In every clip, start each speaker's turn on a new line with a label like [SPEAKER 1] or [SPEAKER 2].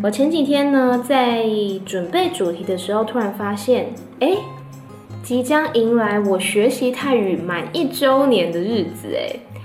[SPEAKER 1] 我前幾天呢，在準備主題的時候，突然發現，哎、欸，即將迎來我學習泰語滿一周年的日子、欸。哎，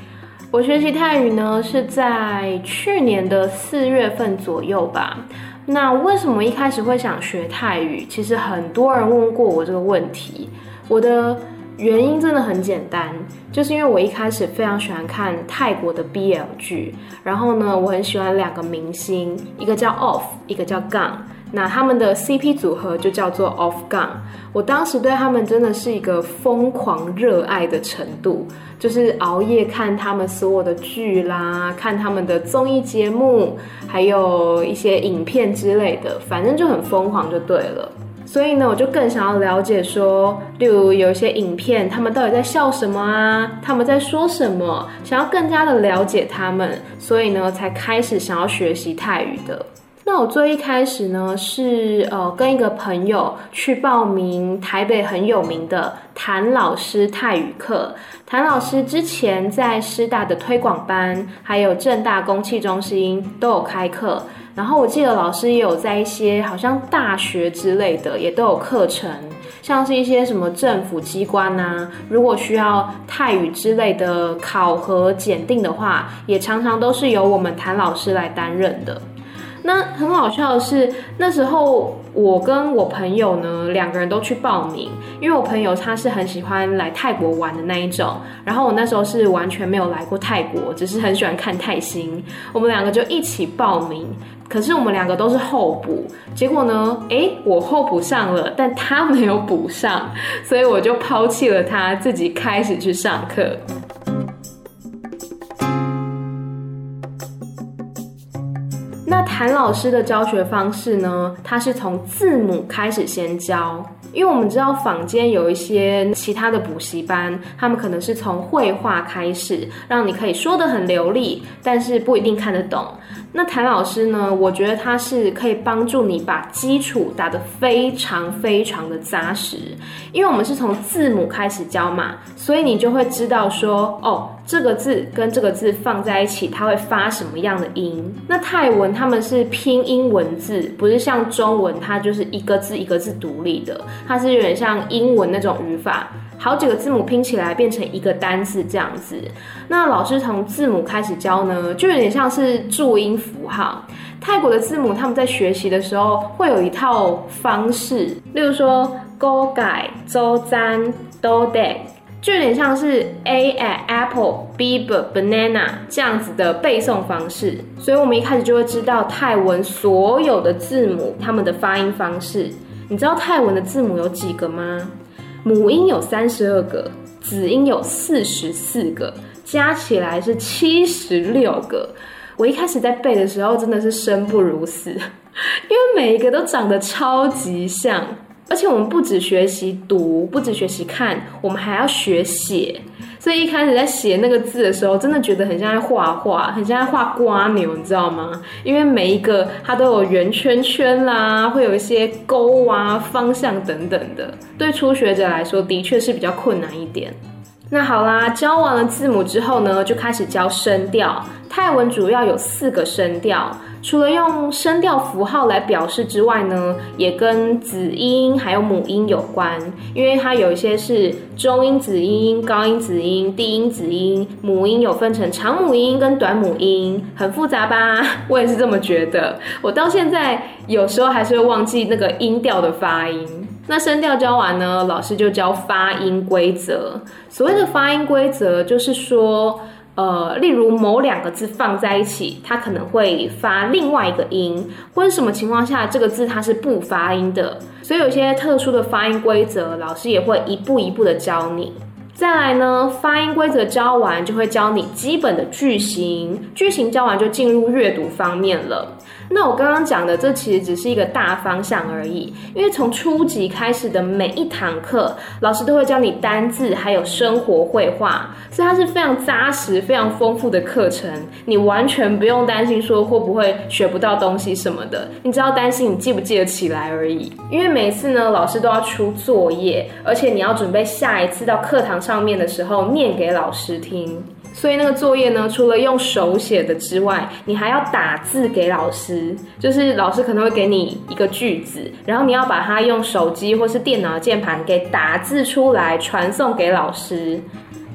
[SPEAKER 1] 我學習泰語呢是在去年的四月份左右吧。那為什麼一開始會想學泰語？其實很多人問過我這個問題。我的。原因真的很簡單，就是因為我一開始非常喜歡看泰國的 BL 劇，然後呢，我很喜歡兩個明星，一個叫 Off，一個叫 Gun，那他們的 CP 組合就叫做 Off Gun。我當時對他們真的是一個瘋狂熱愛的程度，就是熬夜看他們所有的劇啦，看他們的綜藝節目，還有一些影片之類的，反正就很瘋狂，就對了。所以呢，我就更想要了解說，例如有一些影片，他們到底在笑什麼啊？他們在說什麼？想要更加的了解他們，所以呢，才開始想要學習泰語的。那我最一開始呢，是呃跟一個朋友去報名台北很有名的譚老師泰語課。譚老師之前在師大的推廣班，還有政大公企中心都有開課。然後我記得老師也有在一些好像大學之類的也都有課程，像是一些什麼政府機關吶、啊，如果需要泰語之類的考核檢定的話，也常常都是由我們譚老師來擔任的。那很好笑的是，那時候我跟我朋友呢兩個人都去報名，因為我朋友他是很喜歡來泰國玩的那一種，然後我那時候是完全沒有來過泰國，只是很喜歡看泰星，我們兩個就一起報名。可是我們兩個都是候補，結果呢？哎，我候補上了，但他沒有補上，所以我就拋棄了他，自己開始去上課。那譚老師的教學方式呢？他是從字母開始先教。因為我們知道坊間有一些其他的補習班，他們可能是從會話開始，讓你可以說得很流利，但是不一定看得懂。那譚老師呢？我覺得他是可以幫助你把基礎打得非常非常的扎實。因為我們是從字母開始教嘛，所以你就會知道說，哦，這個字跟這個字放在一起，它會發什麼樣的音。那泰文他們是拼音文字，不是像中文，它就是一個字一個字獨立的。它是有點像英文那種語法，好幾個字母拼起來變成一個單字這樣子。那老師從字母開始教呢，就有點像是注音符號。泰國的字母，他們在學習的時候會有一套方式，例如說勾改、周簪、都蛋，就有點像是 a at apple, b at banana 這樣子的背誦方式。所以我們一開始就會知道泰文所有的字母他們的發音方式。你知道泰文的字母有幾個嗎？母音有三十二個，子音有四十四個，加起來是七十六個。我一開始在背的時候真的是生不如死，因為每一個都長得超級像，而且我們不只學習讀，不只學習看，我們還要學寫。所以一開始在寫那個字的時候，真的覺得很像在畫畫，很像在畫蝸牛，你知道嗎？因為每一個它都有圓圈圈啦，會有一些勾啊、方向等等的，對初學者來說的確是比較困難一點。那好啦，教完了字母之後呢，就開始教聲調。泰文主要有四個聲調。除了用聲調符號來表示之外呢，也跟子音還有母音有關，因為它有一些是中音子音、高音子音、低音子音、母音有分成長母音跟短母音，很複雜吧？我也是這麼覺得，我到現在有時候還是會忘記那個音調的發音。那聲調教完呢，老師就教發音規則。所謂的發音規則，就是說，呃，例如某兩個字放在一起，它可能會發另外一個音，或者什麼情況下這個字它是不發音的，所以有些特殊的發音規則，老師也會一步一步的教你。再來呢，發音規則教完，就會教你基本的句型，句型教完就進入閱讀方面了。那我剛剛講的，這其實只是一個大方向而已，因為從初級開始的每一堂課，老師都會教你單字，還有生活會話，所以它是非常扎實、非常豐富的課程，你完全不用擔心說會不會學不到東西什麼的，你只要擔心你記不記得起來而已。因為每次呢，老師都要出作業，而且你要準備下一次到課堂上面的時候念給老師聽。所以那個作業呢，除了用手寫的之外，你還要打字給老師。就是老師可能會給你一個句子，然後你要把它用手機或是電腦鍵盤給打字出來，傳送給老師。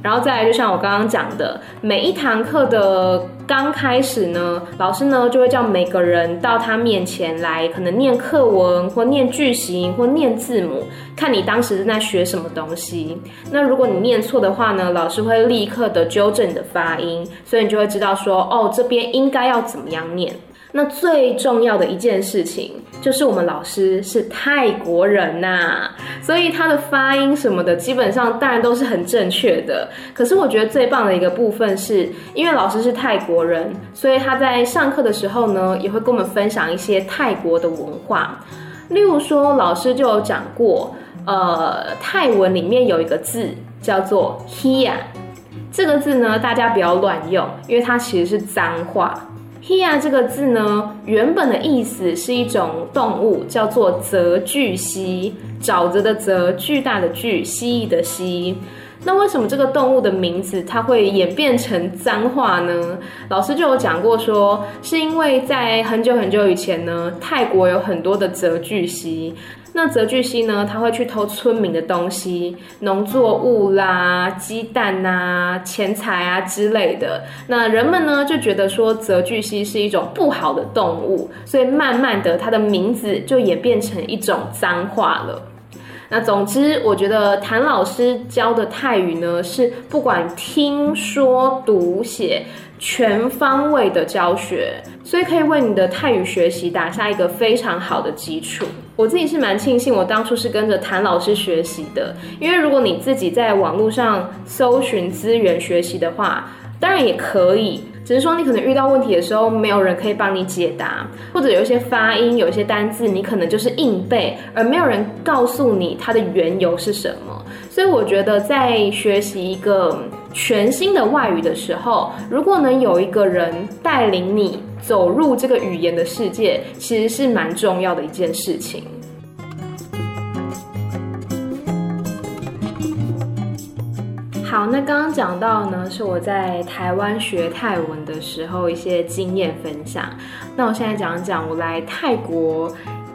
[SPEAKER 1] 然後再來，就像我剛剛講的，每一堂課的剛開始呢，老師呢就會叫每個人到他面前來，可能念課文或念句型或念字母，看你當時正在學什麼東西。那如果你念錯的話呢，老師會立刻的糾正你的發音，所以你就會知道說，哦，這邊應該要怎麼樣念。那最重要的一件事情。就是我們老師是泰國人吶、啊，所以他的發音什麼的基本上當然都是很正確的。可是我覺得最棒的一個部分是，因為老師是泰國人，所以他在上課的時候呢，也會跟我們分享一些泰國的文化。例如說，老師就有講過，呃，泰文裡面有一個字叫做 “hia”，這個字呢，大家不要亂用，因為它其實是髒話。t e 這個字呢，原本的意思是一種動物，叫做澤巨蜥，沼澤的澤，巨大的巨，蜥蜴的蜥。那為什麼這個動物的名字它會演變成髒話呢？老師就有講過說，說是因為在很久很久以前呢，泰國有很多的澤巨蜥。那澤巨蜥呢，它會去偷村民的東西，農作物啦、雞蛋啊、錢財啊之類的。那人們呢就覺得說澤巨蜥是一種不好的動物，所以慢慢的它的名字就演變成一種髒話了。那總之，我覺得譚老師教的泰語呢，是不管聽說讀寫全方位的教學，所以可以為你的泰語學習打下一個非常好的基礎。我自己是蠻慶幸，我當初是跟着譚老師學習的，因為如果你自己在網絡上搜尋資源學習的話，當然也可以。只是說，你可能遇到問題的時候，沒有人可以幫你解答，或者有一些發音、有一些單字，你可能就是硬背，而沒有人告訴你它的緣由是什麼。所以，我覺得在學習一個全新的外語的時候，如果能有一個人帶領你走入這個語言的世界，其實是蠻重要的一件事情。好，那剛剛講到呢，是我在台灣學泰文的時候一些經驗分享。那我現在講講我來泰國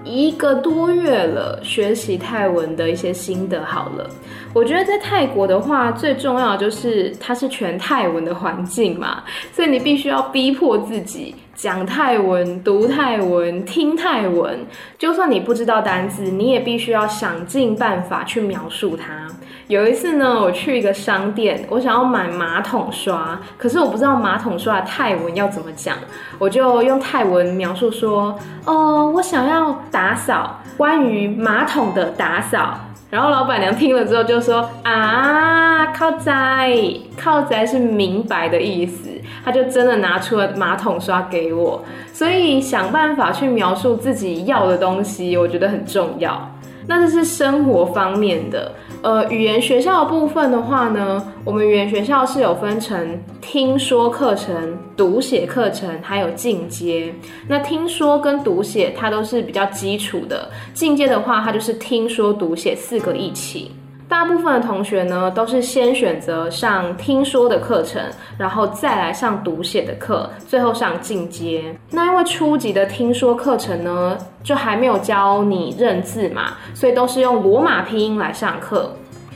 [SPEAKER 1] 一個多月了，學習泰文的一些心得。好了，我覺得在泰國的話，最重要就是它是全泰文的環境嘛，所以你必須要逼迫自己。講泰文，讀泰文，聽泰文。就算你不知道單字，你也必須要想盡辦法去描述它。有一次呢，我去一個商店，我想要買馬桶刷，可是我不知道馬桶刷的泰文要怎麼講，我就用泰文描述說：“哦、呃，我想要打掃關於馬桶的打掃。”然後老板娘聽了之後就說：“啊，靠宅，靠宅是明白的意思。”他就真的拿出了馬桶刷給我，所以想辦法去描述自己要的東西，我覺得很重要。那這是生活方面的。呃，語言學校的部分的話呢，我們語言學校是有分成聽說課程、讀寫課程，還有進階。那聽說跟讀寫它都是比較基礎的，進階的話它就是聽說讀寫四個一起。大部分的同學呢，都是先選擇上聽說的課程，然後再來上讀寫的課，最後上進階。那因為初級的聽說課程呢，就還沒有教你認字嘛，所以都是用羅馬拼音來上課。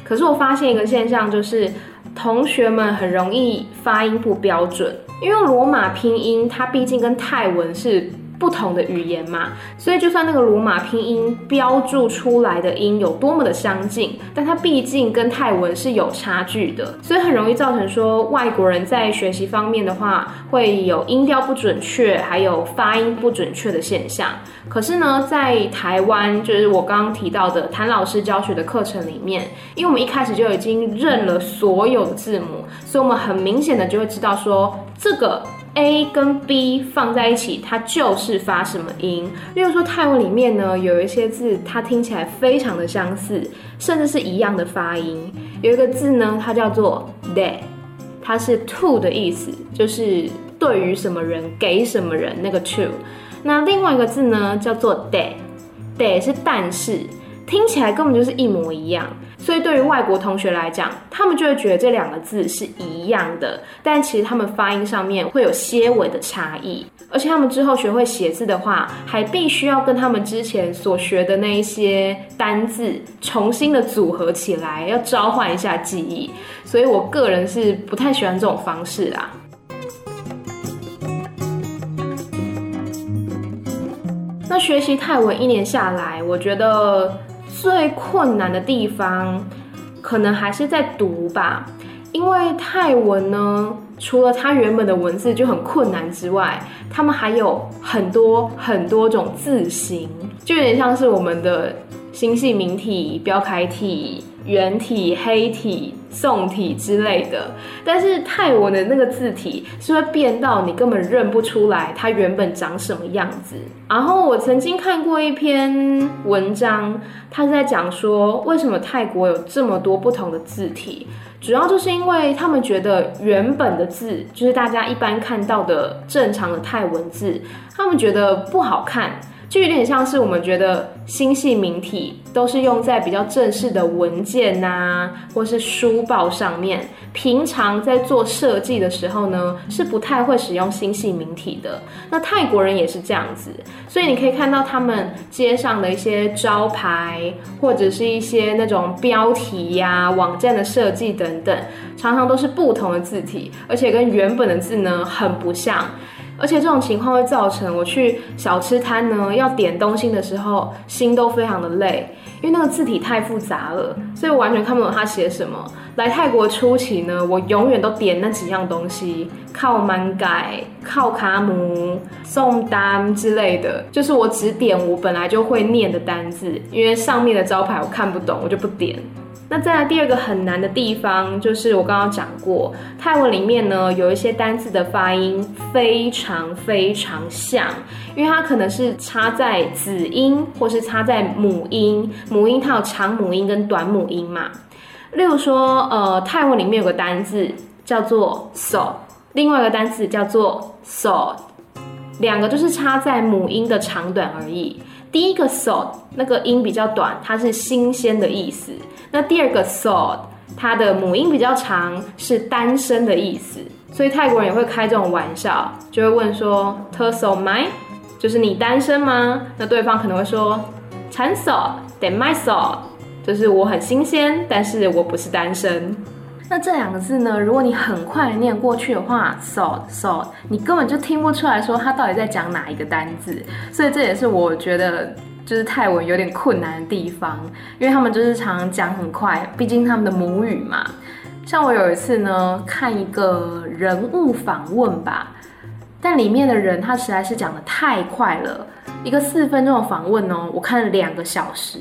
[SPEAKER 1] 可是我發現一個現象，就是同學們很容易發音不標準，因為羅馬拼音它畢竟跟泰文是不同的語言嘛，所以就算那個羅馬拼音標注出來的音有多麼的相近，但它畢竟跟泰文是有差距的，所以很容易造成說外國人在學習方面的話，會有音調不準確，還有發音不準確的現象。可是呢，在台灣，就是我剛剛提到的譚老師教學的課程裡面，因為我們一開始就已經認了所有的字母，所以我們很明顯的就會知道說這個。A 跟 B 放在一起，它就是發什麼音。例如說，泰文裡面呢，有一些字它聽起來非常的相似，甚至是一樣的發音。有一個字呢，它叫做 “day”，它是 to 的意思，就是對於什麼人給什麼人那個 to。那另外一個字呢，叫做 “day”，day 是但是，聽起來根本就是一模一樣。所以對於外國同學來講，他們就會覺得這兩個字是一樣的，但其實他們發音上面會有些微的差異，而且他們之後學會寫字的話，還必須要跟他們之前所學的那一些單字重新的組合起來，要召喚一下記憶。所以我個人是不太喜歡這種方式啦。那學習泰文一年下來，我覺得。最困難的地方，可能還是在讀吧，因為泰文呢，除了它原本的文字就很困難之外，他們還有很多很多種字形，就有點像是我們的。新細明體、標楷體、圓體、黑體、宋體之類的，但是泰文的那個字體是會變到你根本認不出來它原本長什麼樣子。然後我曾經看過一篇文章，他在講說為什麼泰國有這麼多不同的字體，主要就是因為他們覺得原本的字就是大家一般看到的正常的泰文字，他們覺得不好看。就有點像是我們覺得新細明體都是用在比較正式的文件吶、啊，或是書報上面。平常在做設計的時候呢，是不太會使用新細明體的。那泰國人也是這樣子，所以你可以看到他們街上的一些招牌，或者是一些那種標題呀、啊、網站的設計等等，常常都是不同的字體，而且跟原本的字呢很不像。而且這種情況會造成我去小吃攤呢，要點東西的時候，心都非常的累，因為那個字體太複雜了，所以我完全看不懂他寫什麼。來泰國初期呢，我永遠都點那幾樣東西，靠曼蓋、靠卡姆宋丹之類的，就是我只點我本來就會念的單字，因為上面的招牌我看不懂，我就不點。那再來第二個很難的地方，就是我剛剛講過，泰文裡面呢，有一些單字的發音非常非常像，因為它可能是差在子音或是差在母音，母音它有長母音跟短母音嘛。例如說，呃，泰文裡面有個單字叫做 so，另外一個單字叫做 so，兩個就是差在母音的長短而已。第一個 sod 那個音比較短，它是新鮮的意思。那第二個 sod 它的母音比較長，是單身的意思。所以泰國人也會開這種玩笑，就會問說，tso mai 就是你單身嗎？那對方可能會說，chansod mai sod 就是我很新鮮，但是我不是單身。那這兩個字呢？如果你很快念過去的話，so，so，你根本就聽不出來說他到底在講哪一個單字。所以這也是我覺得就是泰文有點困難的地方，因為他們就是常常講很快，畢竟他們的母語嘛。像我有一次呢，看一個人物訪問吧，但裡面的人他實在是講得太快了，一個四分鐘的訪問哦，我看了兩個小時。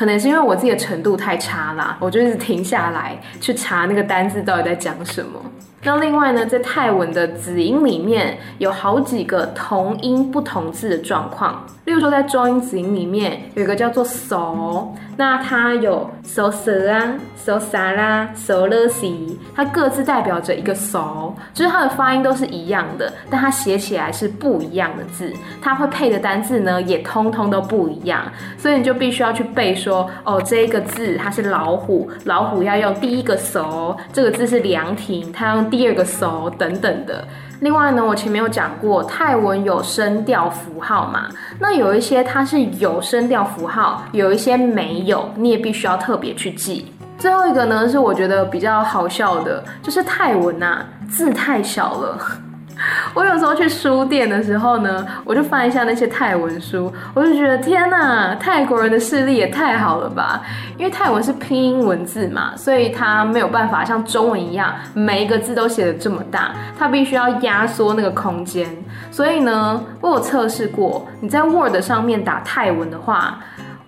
[SPEAKER 1] 可能是因為我自己的程度太差啦，我就是停下來去查那個單字到底在講什麼。那另外呢，在泰文的子音裡面有好幾個同音不同字的狀況。例如說，在中音子音裡面有一個叫做 so 那它有 “sousa” 啊 so sala so lusi 它各自代表着一個 so 就是它的發音都是一樣的，但它寫起來是不一樣的字。它會配的單字呢，也通通都不一樣，所以你就必須要去背說：“哦，這一個字它是老虎，老虎要用第一個 so 這個字是涼亭，它用。”第二個 so 等等的。另外呢，我前面有講過泰文有聲調符號嘛，那有一些它是有聲調符號，有一些沒有，你也必須要特別去記。最後一個呢，是我覺得比較好笑的，就是泰文吶、啊、字太小了。我有時候去書店的時候呢，我就翻一下那些泰文書，我就覺得天哪、啊，泰國人的視力也太好了吧？因為泰文是拼音文字嘛，所以它沒有辦法像中文一樣每一個字都寫得這麼大，它必須要壓縮那個空間。所以呢，我有測試過，你在 Word 上面打泰文的話。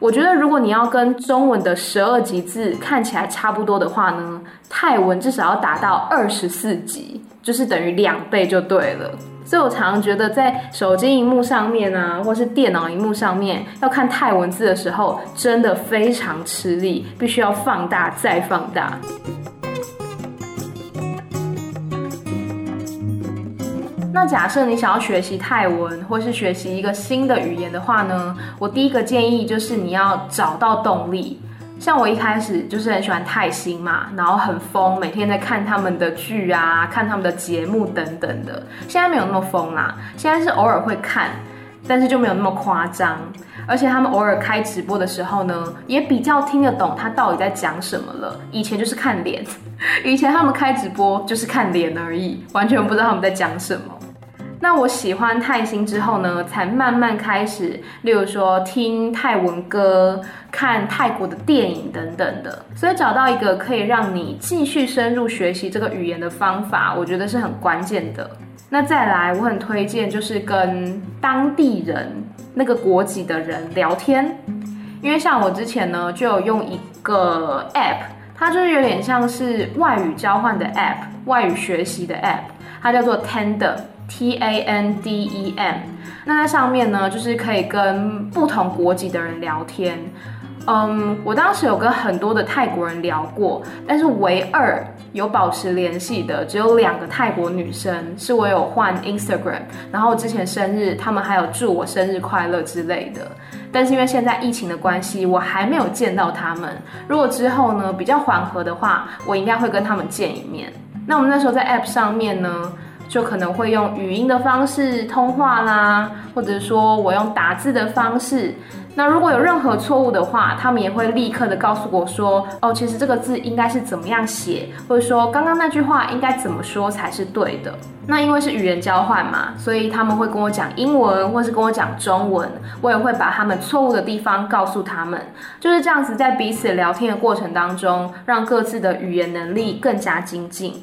[SPEAKER 1] 我覺得，如果你要跟中文的十二級字看起來差不多的話呢，泰文至少要達到二十四級，就是等於兩倍就對了。所以我常常覺得，在手機熒幕上面啊，或是電腦熒幕上面要看泰文字的時候，真的非常吃力，必須要放大再放大。那假設你想要學習泰文，或是學習一個新的語言的話呢，我第一個建議就是你要找到動力。像我一開始就是很喜歡泰星嘛，然後很瘋，每天在看他們的劇啊，看他們的節目等等的。現在沒有那麼瘋啦，現在是偶爾會看，但是就沒有那麼誇張。而且他們偶爾開直播的時候呢，也比較聽得懂他到底在講什麼了。以前就是看臉，以前他們開直播就是看臉而已，完全不知道他們在講什麼。那我喜歡泰星之後呢，才慢慢開始，例如說聽泰文歌、看泰國的電影等等的。所以找到一個可以讓你繼續深入學習這個語言的方法，我覺得是很關鍵的。那再來，我很推薦就是跟當地人、那個國籍的人聊天，因為像我之前呢就有用一個 app，它就是有點像是外語交換的 app、外語學習的 app，它叫做 Tandem。T A N D E M，那上面呢，就是可以跟不同國籍的人聊天。嗯，um，我當時有跟很多的泰國人聊過，但是唯二有保持聯繫的，只有兩個泰國女生，是我有換 Instagram，然後之前生日他們還有祝我生日快樂之類的。但是因為現在疫情的關係，我還沒有見到他們。如果之後呢比較緩和的話，我應該會跟他們見一面。那我們那時候在 App 上面呢？就可能會用語音的方式通話啦，或者說我用打字的方式。那如果有任何錯誤的話，他們也會立刻的告訴我說：“哦，其實這個字應該是怎麼樣寫，或者說剛剛那句話應該怎麼說才是對的。”那因為是語言交換嘛，所以他們會跟我講英文，或是跟我講中文。我也會把他們錯誤的地方告訴他們，就是這樣子在彼此聊天的過程當中，讓各自的語言能力更加精進。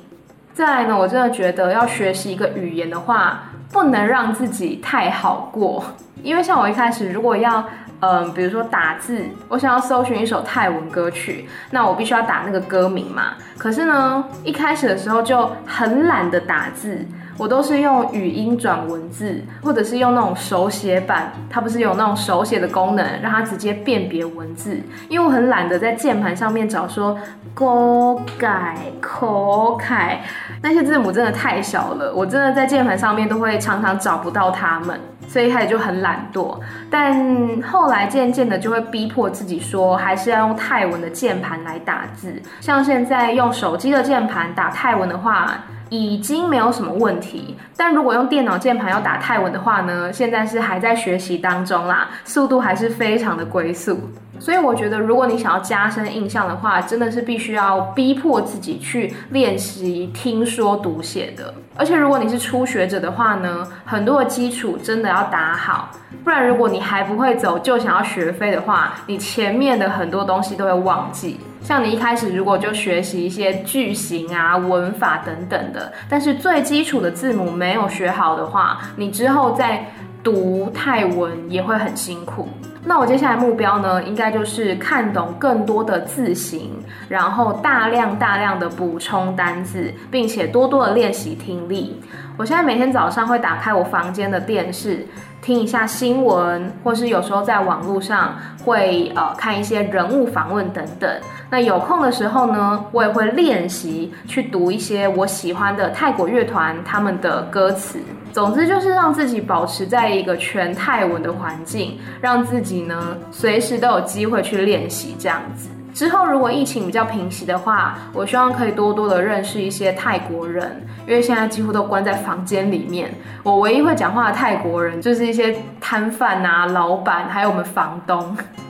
[SPEAKER 1] 再來呢，我真的覺得要學習一個語言的話，不能讓自己太好過，因為像我一開始，如果要，嗯、呃，比如說打字，我想要搜尋一首泰文歌曲，那我必須要打那個歌名嘛。可是呢，一開始的時候就很懶得打字。我都是用語音轉文字，或者是用那種手寫板，它不是有那種手寫的功能，讓它直接辨別文字。因為我很懶得在鍵盤上面找說，說勾改口楷那些字母真的太小了，我真的在鍵盤上面都會常常找不到它們。所以一開始就很懶惰，但後來漸漸的就會逼迫自己說，還是要用泰文的鍵盤來打字。像現在用手機的鍵盤打泰文的話，已經沒有什麼問題。但如果用電腦鍵盤要打泰文的話呢？現在是還在學習當中啦，速度還是非常的龜速。所以我覺得，如果你想要加深印象的話，真的是必須要逼迫自己去練習聽說讀寫的。而且，如果你是初學者的話呢，很多的基礎真的要打好。不然，如果你還不會走就想要學飛的話，你前面的很多東西都會忘記。像你一開始如果就學習一些句型啊、文法等等的，但是最基礎的字母沒有學好的話，你之後再讀泰文也會很辛苦。那我接下來目標呢，應該就是看懂更多的字形，然後大量大量的補充單字，並且多多的練習聽力。我現在每天早上會打開我房間的電視，聽一下新聞，或是有時候在網絡上會呃看一些人物訪問等等。那有空的時候呢，我也會練習去讀一些我喜歡的泰國樂團，他們的歌詞。總之就是讓自己保持在一個全泰文的環境，讓自己呢隨時都有機會去練習這樣子。之後如果疫情比較平息的話，我希望可以多多的認識一些泰國人，因為現在幾乎都關在房間裡面。我唯一會講話的泰國人就是一些攤販啊、老闆，還有我們房東。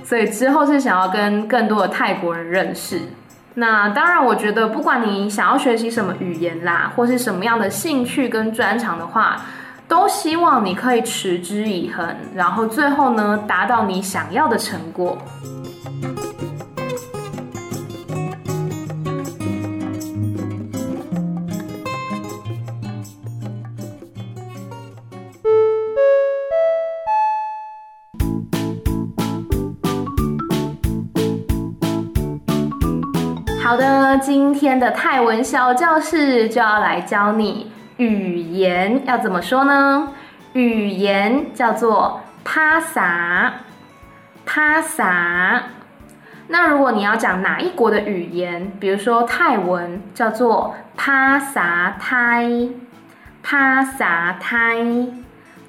[SPEAKER 1] 所以之後是想要跟更多的泰國人認識。那當然，我覺得不管你想要學習什麼語言啦，或是什麼樣的興趣跟專長的話，都希望你可以持之以恆，然後最後呢，達到你想要的成果。今天的泰文小教室就要來教你語言要怎麼說呢？語言叫做趴薩，趴薩。那如果你要講哪一國的語言，比如說泰文，叫做趴薩泰，趴薩泰；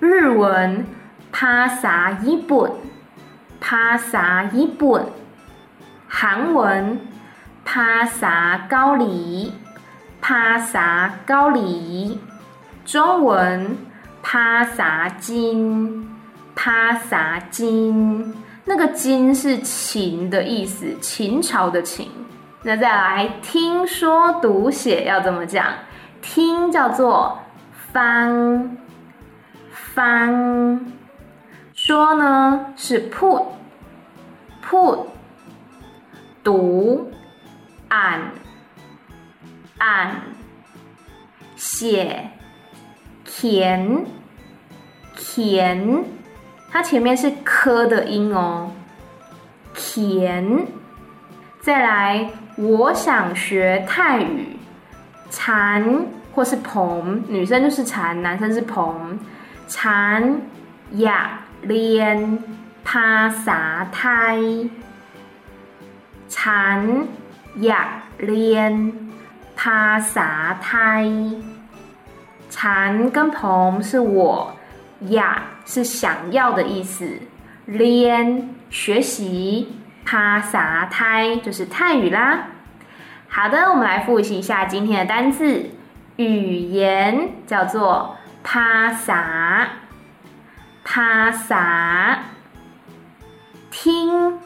[SPEAKER 1] 日文趴薩一本，趴薩一本；韓文。帕薩高里，帕薩高里，中文帕薩金，帕薩金，那個金是秦的意思，秦朝的秦。那再來聽說讀寫要怎麼講？聽叫做翻翻，說呢是 put put 讀。按按寫甜甜，它前面是科的音哦。甜，再來，我想學泰語。禪或是朋，女生就是禪，男生是朋。禪呀，蓮帕薩泰禪。呀練啪撒胎蟬，跟鵬是我，呀是想要的意思，練學習，啪撒胎就是泰語啦。好的，我們來複習一下今天的單字，語言叫做啪撒。啪撒聽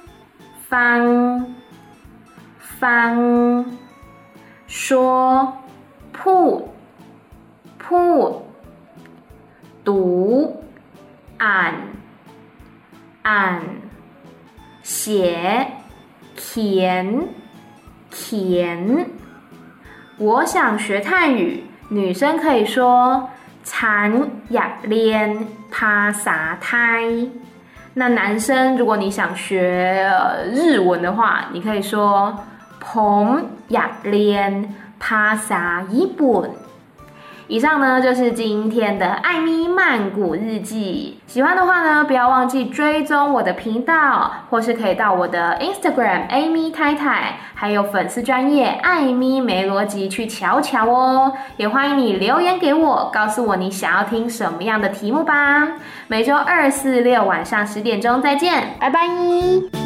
[SPEAKER 1] 方。方。說，鋪鋪。讀，按按。寫，填填。我想學泰語，女生可以說 “Chan yak rien pasa tai”。那男生，如果你想學日文的話，你可以說。紅亞蓮帕沙伊本，以上呢就是今天的艾咪曼谷日記。喜歡的話呢，不要忘記追蹤我的頻道，或是可以到我的 Instagram Amy 泰泰，還有粉絲專業艾咪梅羅吉去瞧瞧哦。也歡迎你留言給我，告訴我你想要聽什麼樣的題目吧。每周二、四、六晚上十點鐘再見，拜拜。